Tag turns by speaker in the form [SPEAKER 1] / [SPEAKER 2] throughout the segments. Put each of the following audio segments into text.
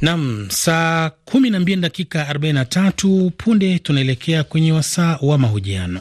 [SPEAKER 1] Nam, saa 12 dakika 43. Punde tunaelekea kwenye wasaa wa mahojiano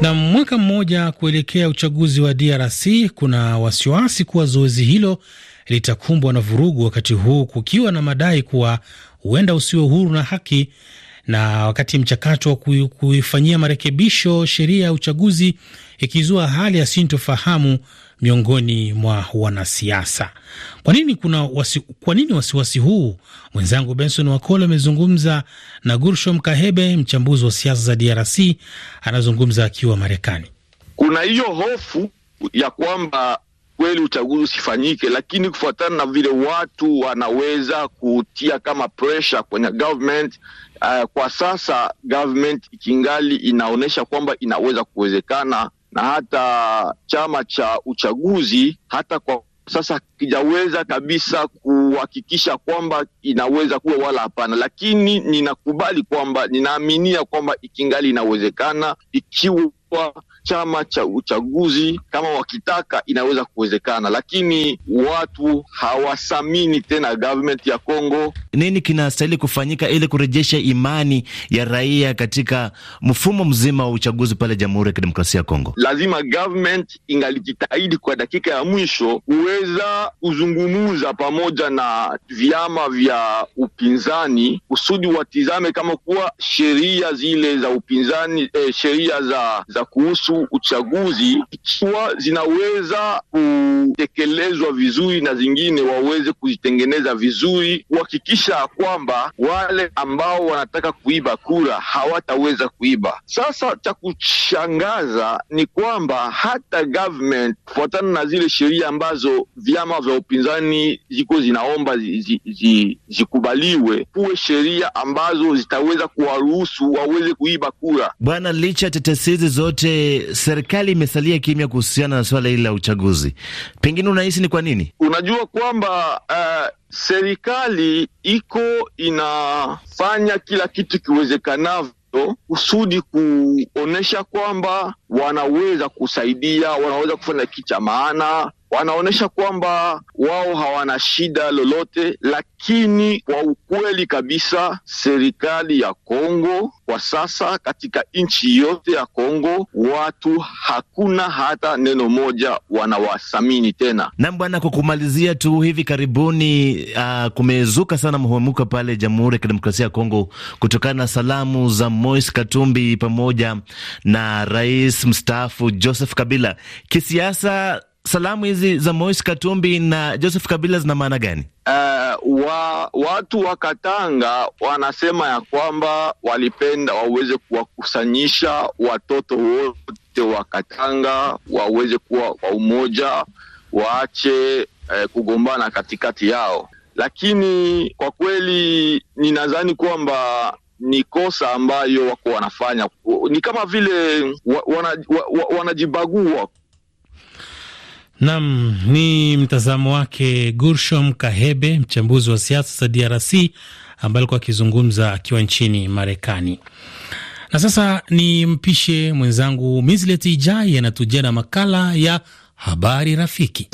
[SPEAKER 1] na mwaka mmoja kuelekea uchaguzi wa DRC, kuna wasiwasi kuwa zoezi hilo litakumbwa na vurugu, wakati huu kukiwa na madai kuwa huenda usio huru na haki, na wakati mchakato wa kuifanyia marekebisho sheria ya uchaguzi ikizua hali ya sintofahamu miongoni mwa wanasiasa. Kwa nini kuna wasi, kwa nini wasiwasi huu? Mwenzangu Benson Wakole amezungumza na Gurshom Kahebe, mchambuzi wa siasa za DRC, anazungumza akiwa Marekani.
[SPEAKER 2] Kuna hiyo hofu ya kwamba kweli uchaguzi usifanyike, lakini kufuatana na vile watu wanaweza kutia kama pressure kwenye government uh, kwa sasa government ikingali inaonyesha kwamba inaweza kuwezekana na hata chama cha uchaguzi hata kwa sasa kijaweza kabisa kuhakikisha kwamba inaweza kuwa wala hapana, lakini ninakubali kwamba ninaaminia kwamba ikingali inawezekana ikiwa chama cha uchaguzi kama wakitaka inaweza kuwezekana, lakini watu hawasamini tena government ya Kongo.
[SPEAKER 1] Nini kinastahili kufanyika ili kurejesha imani ya raia katika mfumo mzima wa uchaguzi pale Jamhuri ya Kidemokrasia ya Kongo?
[SPEAKER 2] Lazima government ingalijitahidi kwa dakika ya mwisho kuweza kuzungumuza pamoja na vyama vya upinzani kusudi watizame kama kuwa sheria zile za upinzani, eh, sheria za za kuhusu uchaguzi, ikiwa zinaweza kutekelezwa vizuri na zingine waweze kuzitengeneza vizuri, kuhakikisha kwamba wale ambao wanataka kuiba kura hawataweza kuiba. Sasa cha kushangaza ni kwamba hata government kufuatana na zile sheria ambazo vyama vya upinzani ziko zinaomba zikubaliwe zi, zi, zi kuwe sheria ambazo zitaweza kuwaruhusu waweze kuiba kura.
[SPEAKER 1] Bwana, licha tetesizi zote serikali imesalia kimya kuhusiana na swala hili la uchaguzi. Pengine unahisi ni kwa nini?
[SPEAKER 2] Unajua kwamba uh, serikali iko inafanya kila kitu kiwezekanavyo kusudi kuonyesha kwamba wanaweza kusaidia, wanaweza kufanya kitu cha maana, wanaonyesha kwamba wao hawana shida lolote. Lakini kwa ukweli kabisa, serikali ya Kongo kwa sasa, katika nchi yote ya Kongo, watu hakuna hata neno moja wanawathamini tena.
[SPEAKER 1] Nam bwana, kwa kumalizia tu, hivi karibuni uh, kumezuka sana mhumuko pale Jamhuri ya Kidemokrasia ya Kongo kutokana na salamu za Moise Katumbi pamoja na rais rais mstaafu Joseph Kabila. Kisiasa, salamu hizi za Moise Katumbi na Joseph Kabila zina maana gani?
[SPEAKER 2] Uh, wa, watu wa Katanga wanasema ya kwamba walipenda waweze kuwakusanyisha watoto wote wa Katanga waweze kuwa kwa umoja, waache eh, kugombana katikati yao, lakini kwa kweli ninadhani kwamba ni kosa ambayo wako wanafanya, ni kama vile wanajibagua wana, wana
[SPEAKER 1] Nam ni mtazamo wake Gurshom Kahebe, mchambuzi wa siasa za DRC ambaye alikuwa akizungumza akiwa nchini Marekani. Na sasa ni mpishe mwenzangu Mislet Ijai anatujia na makala ya habari rafiki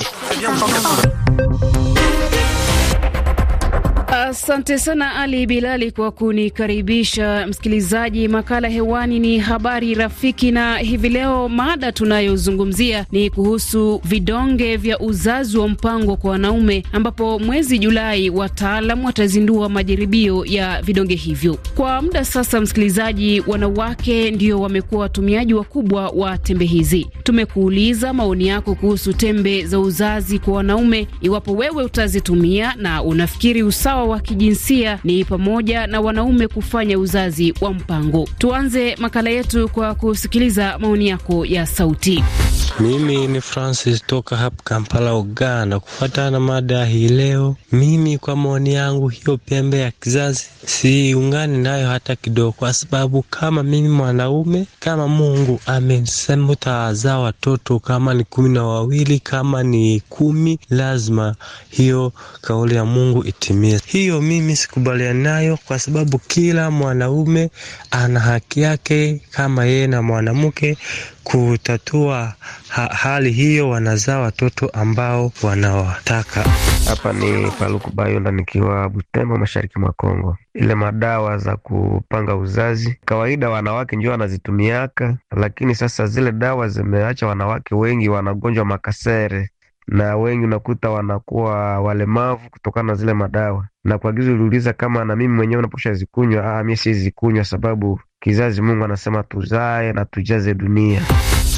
[SPEAKER 3] Asante sana Ali Bilali kwa kunikaribisha. Msikilizaji, makala hewani ni habari rafiki, na hivi leo mada tunayozungumzia ni kuhusu vidonge vya uzazi wa mpango kwa wanaume, ambapo mwezi Julai wataalam watazindua majaribio ya vidonge hivyo. Kwa muda sasa, msikilizaji, wanawake ndio wamekuwa watumiaji wakubwa wa tembe hizi. Tumekuuliza maoni yako kuhusu tembe za uzazi kwa wanaume, iwapo wewe utazitumia na unafikiri usawa wa kijinsia ni pamoja na wanaume kufanya uzazi wa mpango. Tuanze makala yetu kwa kusikiliza maoni yako ya sauti.
[SPEAKER 1] Mimi ni Francis toka hapa Kampala, Uganda. Kufuatana na mada hii leo, mimi kwa maoni yangu, hiyo pembe ya kizazi siungani nayo hata kidogo, kwa sababu kama mimi mwanaume, kama Mungu amesema utazaa watoto, kama ni kumi na wawili, kama ni kumi, lazima hiyo kauli ya Mungu itimie. Hiyo hiyo mimi sikubaliani nayo, kwa sababu kila mwanaume ana haki yake kama yeye na mwanamke kutatua ha hali hiyo, wanazaa watoto
[SPEAKER 3] ambao wanawataka. Hapa ni Paluku Bayonda nikiwa Butembo, mashariki mwa Kongo. Ile madawa za kupanga uzazi kawaida wanawake ndio wanazitumiaka, lakini sasa zile dawa zimeacha wanawake wengi wanagonjwa makasere na wengi unakuta wanakuwa walemavu kutokana na zile madawa. Na kwa gizo uliuliza kama na mimi mwenyewe naposha zikunywa, ah, mimi sizikunywa sababu kizazi Mungu anasema tuzae na tujaze dunia.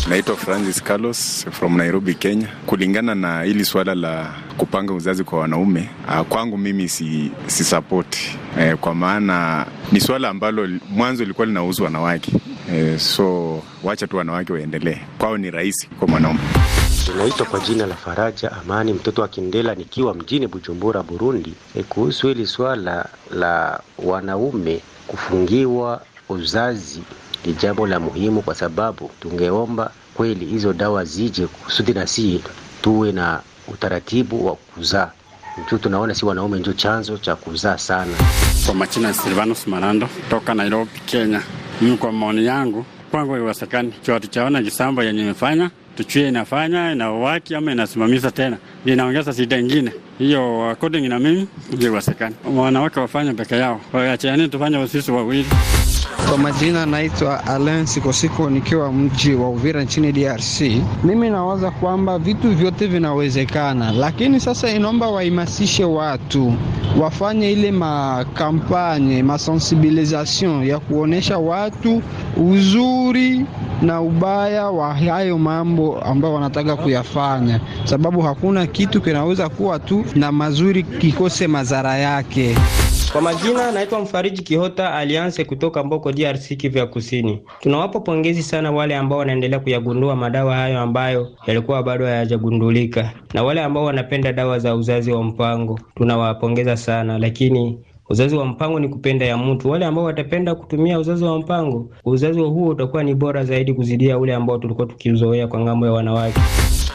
[SPEAKER 1] Naitwa Francis Carlos from Nairobi, Kenya. Kulingana na hili swala la kupanga uzazi kwa wanaume, ah, kwangu mimi si, si support e, kwa maana ni swala ambalo mwanzo ilikuwa linahusu wanawake e, so wacha tu wanawake waendelee, kwao ni rahisi kwa mwanaume. Ninaitwa kwa jina la Faraja Amani, mtoto wa Kindela, nikiwa mjini Bujumbura, Burundi. E, kuhusu hili swala la wanaume kufungiwa uzazi ni jambo la muhimu, kwa sababu tungeomba kweli hizo dawa zije kusudi na si tuwe na utaratibu wa kuzaa juu tunaona si wanaume ndio chanzo cha kuzaa sana. Kwa machina Silvanus Marando toka Nairobi, Kenya. Mimi kwa maoni yangu, kwangu iwezekani, chaona gisambo yenye imefanya tuchue inafanya inawaki ama inasimamisa tena, ndio inaongeza shida ingine hiyo. According na mimi, iwezekana wanawake wafanya peke yao, waachani tufanye sisi wawili.
[SPEAKER 3] Kwa majina naitwa Alain
[SPEAKER 1] Sikosiko nikiwa mji wa Uvira nchini DRC. Mimi nawaza kwamba vitu vyote vinawezekana, lakini sasa inaomba waimasishe watu wafanye ile makampanye masensibilisation ya kuonesha watu uzuri na ubaya wa hayo mambo ambayo wanataka kuyafanya, sababu hakuna kitu kinaweza kuwa tu na mazuri kikose madhara yake.
[SPEAKER 3] Kwa majina naitwa Mfariji Kihota Alliance kutoka Mboko DRC Kivu ya Kusini. Tunawapa pongezi sana wale ambao wanaendelea kuyagundua madawa hayo ambayo yalikuwa bado hayajagundulika, na wale ambao wanapenda dawa za uzazi wa mpango tunawapongeza sana, lakini Uzazi wa mpango ni kupenda ya mtu. Wale ambao watapenda kutumia uzazi wa mpango, uzazi huo utakuwa ni bora zaidi kuzidia ule ambao tulikuwa tukiuzoea kwa ngambo ya wanawake.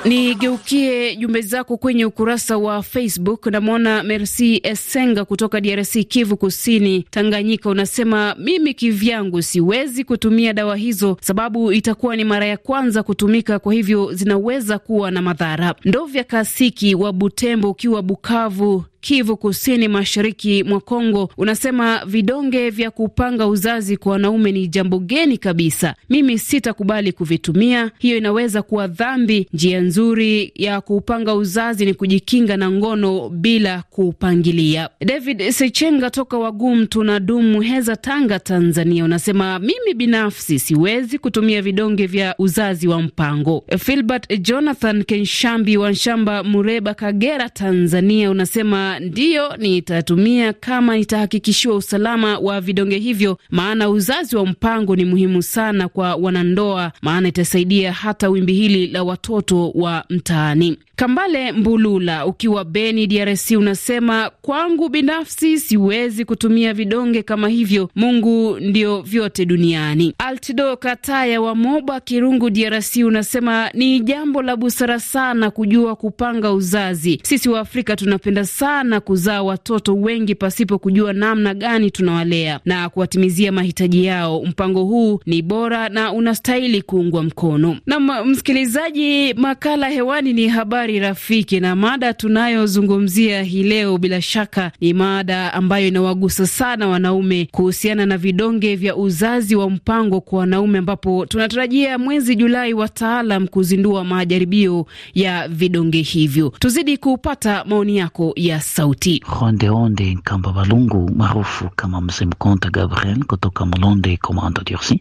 [SPEAKER 3] Nigeukie jumbe zako kwenye ukurasa wa Facebook. Namwona Merci Esenga kutoka DRC, Kivu Kusini, Tanganyika. Unasema mimi kivyangu siwezi kutumia dawa hizo, sababu itakuwa ni mara ya kwanza kutumika, kwa hivyo zinaweza kuwa na madhara. Ndovya Kasiki wa Butembo, ukiwa Bukavu, Kivu Kusini, mashariki mwa Kongo, unasema vidonge vya kupanga uzazi kwa wanaume ni jambo geni kabisa. Mimi sitakubali kuvitumia, hiyo inaweza kuwa dhambi. Njia nzuri ya kupanga uzazi ni kujikinga na ngono bila kupangilia. David Sechenga toka Wagum dumu Heza, Tanga, Tanzania, unasema mimi binafsi siwezi kutumia vidonge vya uzazi wa mpango. Filbert Jonathan Kenshambi wa Nshamba, Mureba, Kagera, Tanzania, unasema ndiyo nitatumia kama nitahakikishiwa usalama wa vidonge hivyo, maana uzazi wa mpango ni muhimu sana kwa wanandoa, maana itasaidia hata wimbi hili la watoto wa mtaani. Kambale Mbulula ukiwa Beni, DRC, unasema kwangu binafsi siwezi kutumia vidonge kama hivyo, Mungu ndio vyote duniani. Altido Kataya wa Moba Kirungu, DRC, unasema ni jambo la busara sana kujua kupanga uzazi. Sisi wa Afrika tunapenda sana kuzaa watoto wengi pasipo kujua namna gani tunawalea na kuwatimizia mahitaji yao. Mpango huu ni bora na unastahili kuungwa mkono. Na msikilizaji, makala hewani ni habari Habari Rafiki, na mada tunayozungumzia hii leo bila shaka ni mada ambayo inawagusa sana wanaume kuhusiana na vidonge vya uzazi wa mpango kwa wanaume, ambapo tunatarajia mwezi Julai wataalam kuzindua majaribio ya vidonge hivyo. Tuzidi kupata maoni yako ya sauti. Rondeonde Nkamba Balungu maarufu kama Mzee Mkonta Gabriel kutoka Mlonde Komando DRC.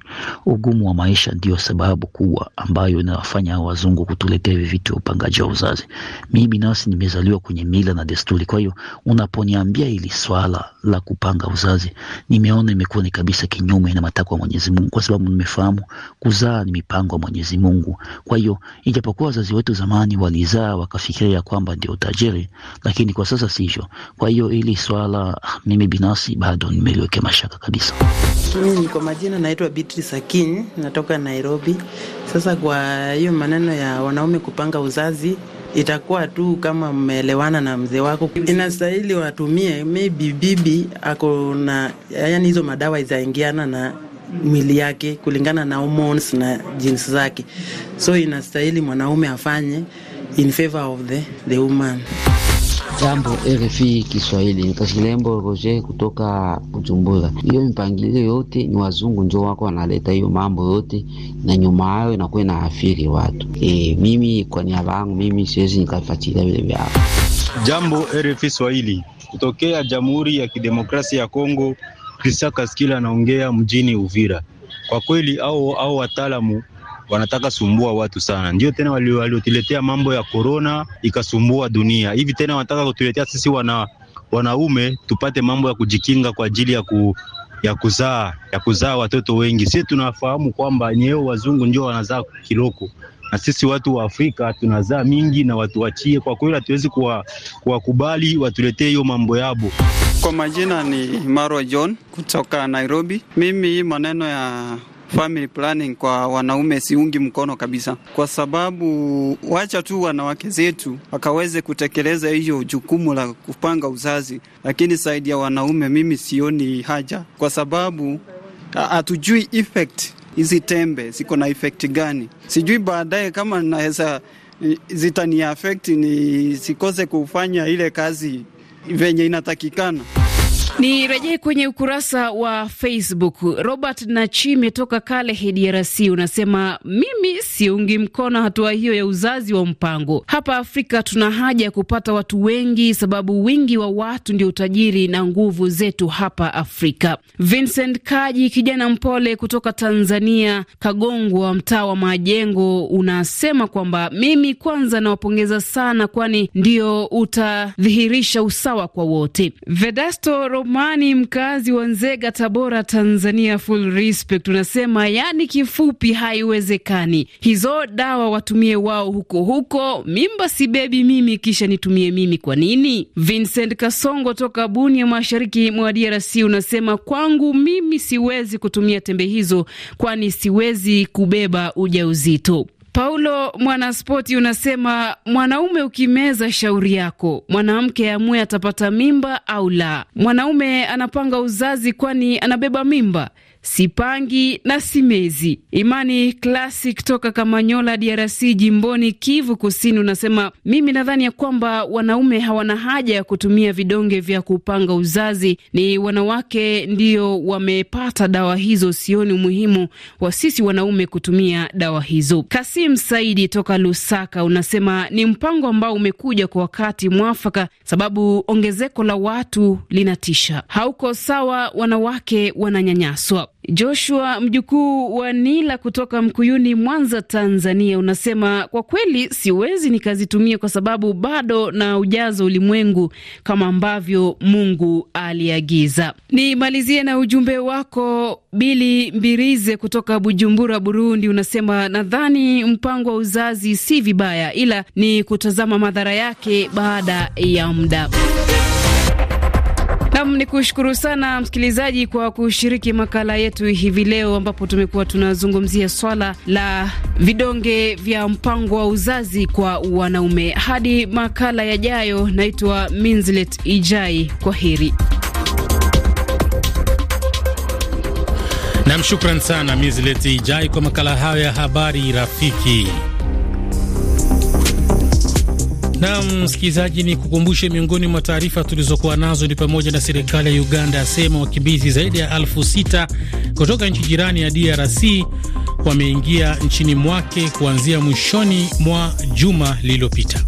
[SPEAKER 3] Ugumu wa maisha ndiyo sababu kubwa ambayo inawafanya wazungu kutuletea hivi vitu ya upangaji wa uzazi wazazi. Mimi binafsi nimezaliwa kwenye mila na desturi, kwa hiyo unaponiambia hili swala la kupanga uzazi, nimeona imekuwa ni kabisa kinyume na matakwa ya Mwenyezi Mungu, kwa sababu nimefahamu kuzaa ni mipango ya Mwenyezi Mungu. Kwa hiyo ijapokuwa wazazi wetu zamani walizaa wakafikiria kwamba ndio utajiri, lakini kwa sasa sivyo. Kwa hiyo hili swala mimi binafsi bado nimeliwekea mashaka kabisa. Mimi kwa majina naitwa Beatrice akin natoka Nairobi. Sasa kwa hiyo maneno ya wanaume kupanga uzazi itakuwa tu kama mmeelewana na mzee wako, inastahili watumie maybe bibi ako na yani, hizo madawa zaingiana na mwili yake kulingana na hormones na jinsi zake, so inastahili mwanaume afanye in favor of the, the woman. Jambo RFI Kiswahili, ni Kashilembo Roger kutoka Bujumbura. Hiyo mipangilio yote ni wazungu njo wako wanaleta hiyo mambo yote, na nyuma yao inakuwa afiri watu e. Mimi kwa niaba yangu mimi siwezi nikafuatilia vile vyao.
[SPEAKER 1] Jambo RFI Swahili, kutokea Jamhuri ya Kidemokrasia ya Kongo, Krista Kaskila anaongea mjini Uvira. Kwa kweli au au wataalamu wanataka sumbua watu sana, ndio tena waliotuletea mambo ya korona ikasumbua dunia. Hivi tena wanataka kutuletea sisi wana, wanaume tupate mambo ya kujikinga kwa ajili ya ku ya kuzaa ya kuzaa watoto wengi. Sisi tunafahamu kwamba nyeo wazungu ndio wanazaa kiloko, na sisi watu wa Afrika tunazaa mingi, na watu wachie kwa kweli, hatuwezi kuwakubali kuwa watuletee hiyo mambo yabo.
[SPEAKER 3] Kwa majina ni Marwa John kutoka Nairobi. Mimi maneno ya family planning kwa wanaume siungi mkono kabisa, kwa sababu wacha tu wanawake zetu wakaweze kutekeleza hiyo jukumu la kupanga uzazi, lakini zaidi ya wanaume mimi sioni haja, kwa sababu hatujui effect hizi tembe ziko na effect gani. Sijui baadaye kama naweza zitani affect ni sikose kufanya ile kazi venye inatakikana. Ni rejee kwenye ukurasa wa Facebook. Robert Nachime toka Kalehe, DRC, unasema mimi siungi mkono hatua hiyo ya uzazi wa mpango. Hapa Afrika tuna haja ya kupata watu wengi, sababu wingi wa watu ndio utajiri na nguvu zetu hapa Afrika. Vincent Kaji, kijana mpole kutoka Tanzania, Kagongwa, mtaa wa Majengo, unasema kwamba mimi kwanza nawapongeza sana, kwani ndio utadhihirisha usawa kwa wote. Vedasto Amani, mkazi wa Nzega, Tabora, Tanzania, full respect, unasema yani kifupi, haiwezekani hizo dawa watumie wao huko huko, mimba sibebi mimi kisha nitumie mimi, kwa nini? Vincent Kasongo toka Bunia, mashariki mwa DRC, unasema kwangu mimi siwezi kutumia tembe hizo, kwani siwezi kubeba ujauzito. Paulo Mwanaspoti unasema mwanaume ukimeza shauri yako, mwanamke amue atapata mimba au la. Mwanaume anapanga uzazi, kwani anabeba mimba. Sipangi na Simezi. Imani Klasi kutoka Kamanyola, DRC, jimboni Kivu Kusini, unasema mimi nadhani ya kwamba wanaume hawana haja ya kutumia vidonge vya kupanga uzazi, ni wanawake ndio wamepata dawa hizo. Sioni umuhimu wa sisi wanaume kutumia dawa hizo. Kasim Saidi toka Lusaka unasema ni mpango ambao umekuja kwa wakati mwafaka, sababu ongezeko la watu linatisha. Hauko sawa, wanawake wananyanyaswa. Joshua mjukuu wa Nila kutoka Mkuyuni, Mwanza, Tanzania, unasema kwa kweli siwezi nikazitumia kwa sababu bado na ujazo ulimwengu kama ambavyo Mungu aliagiza. Nimalizie na ujumbe wako Bili Mbirize kutoka Bujumbura, Burundi, unasema nadhani mpango wa uzazi si vibaya, ila ni kutazama madhara yake baada ya muda. Nam ni kushukuru sana msikilizaji kwa kushiriki makala yetu hivi leo, ambapo tumekuwa tunazungumzia swala la vidonge vya mpango wa uzazi kwa wanaume. Hadi makala yajayo, naitwa Minzlet Ijai, kwa heri.
[SPEAKER 1] Nam, shukran sana Minzlet Ijai kwa makala hayo ya habari rafiki. Na msikilizaji, ni kukumbushe miongoni mwa taarifa tulizokuwa nazo ni pamoja na serikali ya Uganda asema wakimbizi zaidi ya elfu sita kutoka nchi jirani ya DRC wameingia nchini mwake kuanzia mwishoni mwa juma lililopita.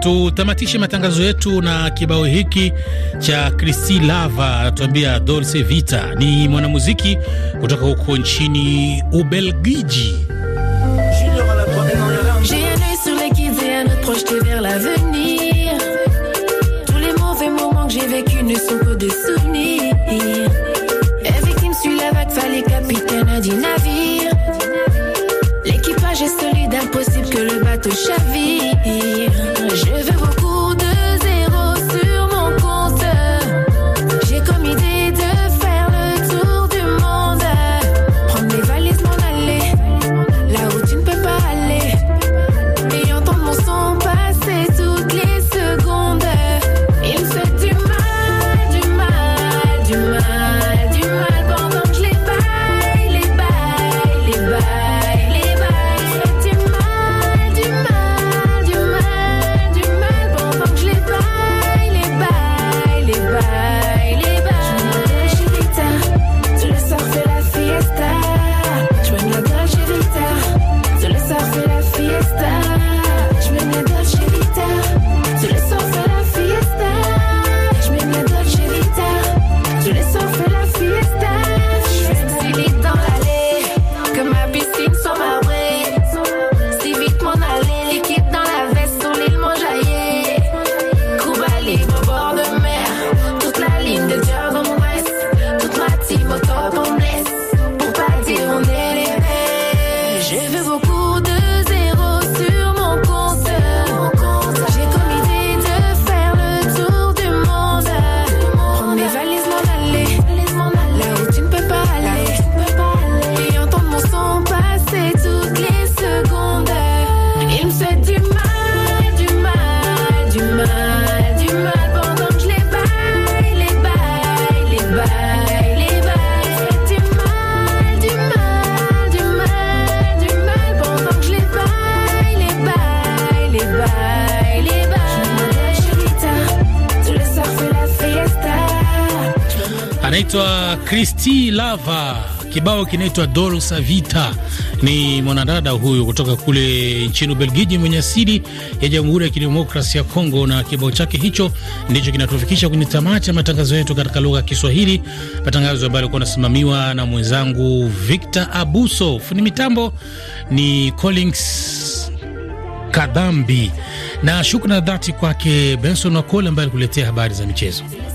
[SPEAKER 1] Tout, tu as m'a na kibao hiki. suis en de Christy Lava, tu as Vita Ni mon amour, tu as un peu de temps.
[SPEAKER 4] J'ai un œil sur l'équipe et un autre projeté vers l'avenir. Tous les mauvais moments que j'ai vécu ne sont que de souvenirs. La victime, je suis là capitaine du navire. L'équipage est solide, impossible que le bateau chavire.
[SPEAKER 1] Christy Lava, kibao kinaitwa Doro savita Ni mwanadada huyu kutoka kule nchini Ubelgiji mwenye asili ya Jamhuri ya kidemokrasia ya Kongo, na kibao chake hicho ndicho kinatufikisha kwenye tamati ya matangazo yetu katika lugha ya Kiswahili, matangazo ambayo alikuwa anasimamiwa na mwenzangu Victor Abuso. Fundi mitambo ni Collins Kadhambi, na shukrani na dhati kwake Benson Wakole ambaye alikuletea habari za
[SPEAKER 2] michezo.